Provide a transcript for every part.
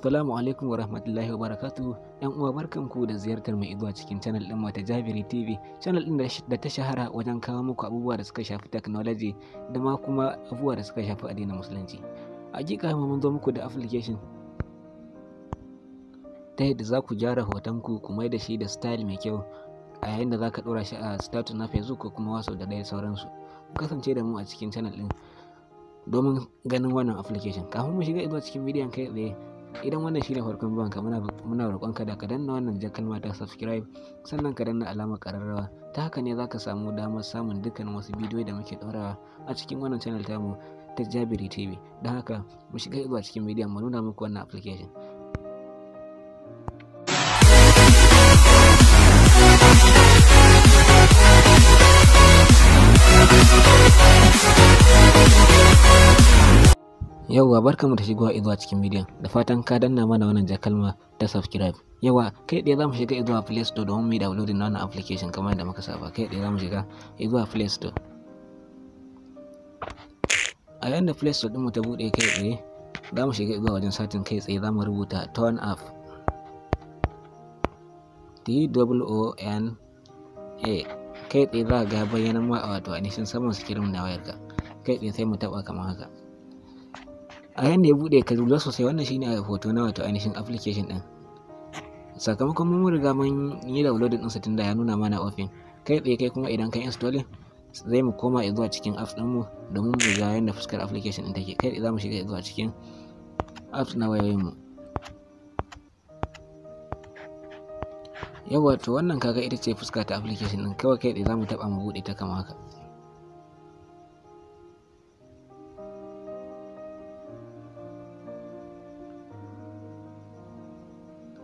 Assalamu alaikum wa rahmatullahi wa barakatu ‘yan uwa ku da ziyartar mai zuwa cikin channel ɗin wata Jabiri TV, channel ɗin da ta shahara wajen kawo muku abubuwa da suka shafi technology da ma kuma abubuwa da suka shafi addinin musulunci. Hakika mun zo muku da application ta yadda za ku gyara hotonku ku mai da shi da style mai kyau a yayin da za ka ɗora shi a status na Facebook ko kuma wasu da ɗaya sauransu. Ku kasance da mu a cikin channel ɗin domin ganin wannan application. Kafin mu shiga izuwa cikin bidiyon kai tsaye idan wannan shine farkon zuwan ka muna roƙon ka da ka danna wannan jan kalma ta subscribe sannan ka danna alamar ƙararrawa ta haka ne zaka samu damar samun dukkan wasu bidiyo da muke ɗorawa a cikin wannan channel tamu ta Jabiri TV don haka mu shiga zuwa cikin bidiyon mu nuna muku wannan application Yauwa barkanmu da shigowa izuwa cikin bidiyon da fatan ka danna mana wannan jakalma ta subscribe. Yauwa kai ɗaya za mu shiga izuwa Play Store domin mu yi downloading na wannan application kamar yadda muka saba kai ɗaya za mu shiga izuwa Play Store. A yayin da Play Store mu ta buɗe kai tsaye za mu shiga izuwa wajen satin kai tsaye za mu rubuta turn up T W O N A kai tsaye za ga bayyana ma a wato ainihin saman sikirin na wayarka kai tsaye sai mu taɓa kamar haka. a yanda ya buɗe ka lura sosai wannan shine a hoto na wato ainihin application ɗin sakamakon mun riga mun yi downloading sa tunda ya nuna mana open kai tsaye kai kuma idan kai installing zai mu koma zuwa cikin apps mu domin mu ga yadda fuskar application ɗin take kai za mu shiga zuwa cikin apps na wayoyin mu. yawa to wannan kaga ita ce fuska ta application ɗin kawai kai tsaye za mu taɓa mu buɗe ta kamar haka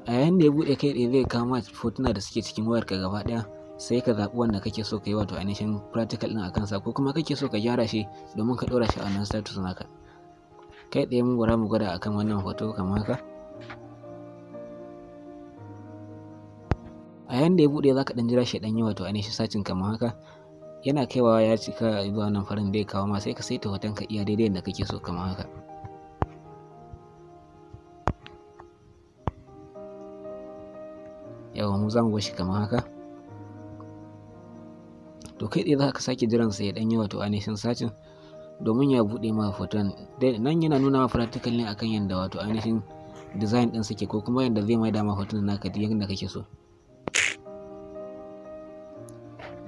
a yayin da ya buɗe kai ɗaya zai kama fotuna da suke cikin wayarka gaba ɗaya sai ka zaɓi wanda kake so ka yi wato ainihin practical ɗin a kansa ko kuma kake so ka gyara shi domin ka ɗora shi a wannan status naka kai ɗaya mun gwada mu gwada akan wannan hoto kamar haka a yayin da ya buɗe za ka ɗan jira shi ɗan yi wato ainihin sacin kamar haka yana kaiwa ya cika zuwa nan farin bai kawo ma sai ka saita hoton ka iya daidai da kake so kamar haka yawa mu za mu gwashi kamar haka to kai dai za ka sake jiran sai ya dan yi to ainihin sacin domin ya buɗe ma nan yana nuna ma practical ne akan yadda wato ainihin design ɗin suke ko kuma yanda zai mai da ma hoton naka duk ka kake so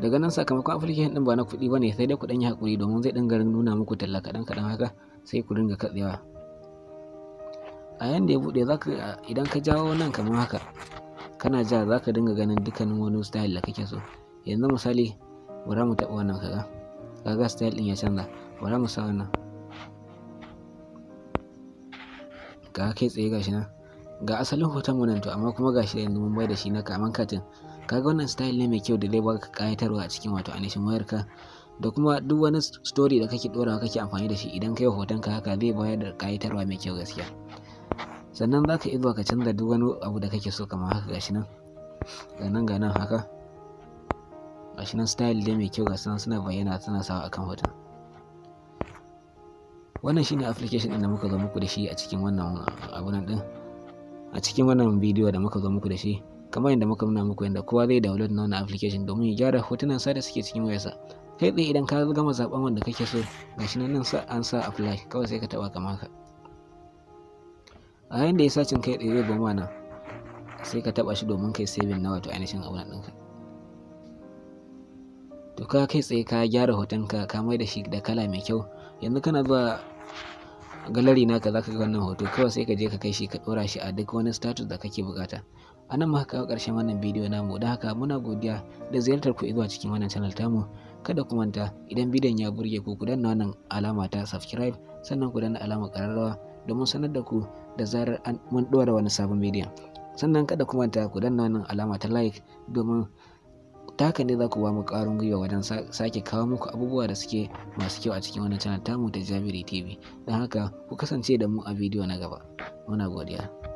daga nan sakamakon application din ba na kuɗi bane sai dai ku ɗan yi haƙuri domin zai dinga nuna muku talla kaɗan kaɗan haka sai ku dinga katsewa a yanda ya buɗe zaka idan ka jawo nan kamar haka kana ja za ka dinga ganin dukkanin wani style da kake so yanzu misali bara mu taɓa wannan kaga kaga style ɗin ya canza bara mu sa wannan ga kai tsaye gashi nan ga asalin hoton mu nan to amma kuma gashi yanzu mun bai da shi na kaman katin kaga wannan style ne mai kyau da zai baka kayatarwa a cikin wato anishin ka? da kuma duk wani story da kake dorawa kake amfani da shi idan kai hoton ka haka zai bayar da kayatarwa mai kyau gaskiya sannan za ka iya zuwa ka canza duk wani abu da kake so kamar haka gashi nan ga nan haka gashi nan style dai mai kyau ga nan suna bayyana suna sawa akan hoton wannan shine application din da muka zo muku da shi a cikin wannan abu nan din a cikin wannan bidiyo da muka zo muku da shi kamar yadda muka nuna muku yadda kowa zai download na wannan application domin ya gyara hotunan sa da suke cikin wayarsa kai tsaye idan ka gama zaben wanda kake so gashi nan nan sa an sa apply kawai sai ka taba kamar haka a yayin da ya sacin kai ɗaya ba mana sai ka taba shi domin kai saving na wato ainihin abun nan ɗinka to ka kai tsaye ka gyara hoton ka ka mai da shi da kala mai kyau yanzu kana zuwa na naka zaka ga wannan hoto kawai sai ka je ka kai shi ka ɗora shi a duk wani status da kake bukata a nan muka kawo ƙarshen wannan bidiyo namu don haka muna godiya da ziyartar ku zuwa cikin wannan channel tamu kada ku manta idan bidiyon ya burge ku ku danna wannan alama ta subscribe sannan ku danna alamar ƙararrawa domin sanar da ku da zarar mun ɗora wani sabon bidiyon sannan kada ku manta ku danna wannan alama ta like domin taka ne za ku ba mu ƙarin gwiwa wajen sake kawo muku abubuwa da suke masu kyau a cikin wani channel tamu ta Jabiri TV don haka ku kasance da mu a bidiyo na gaba muna godiya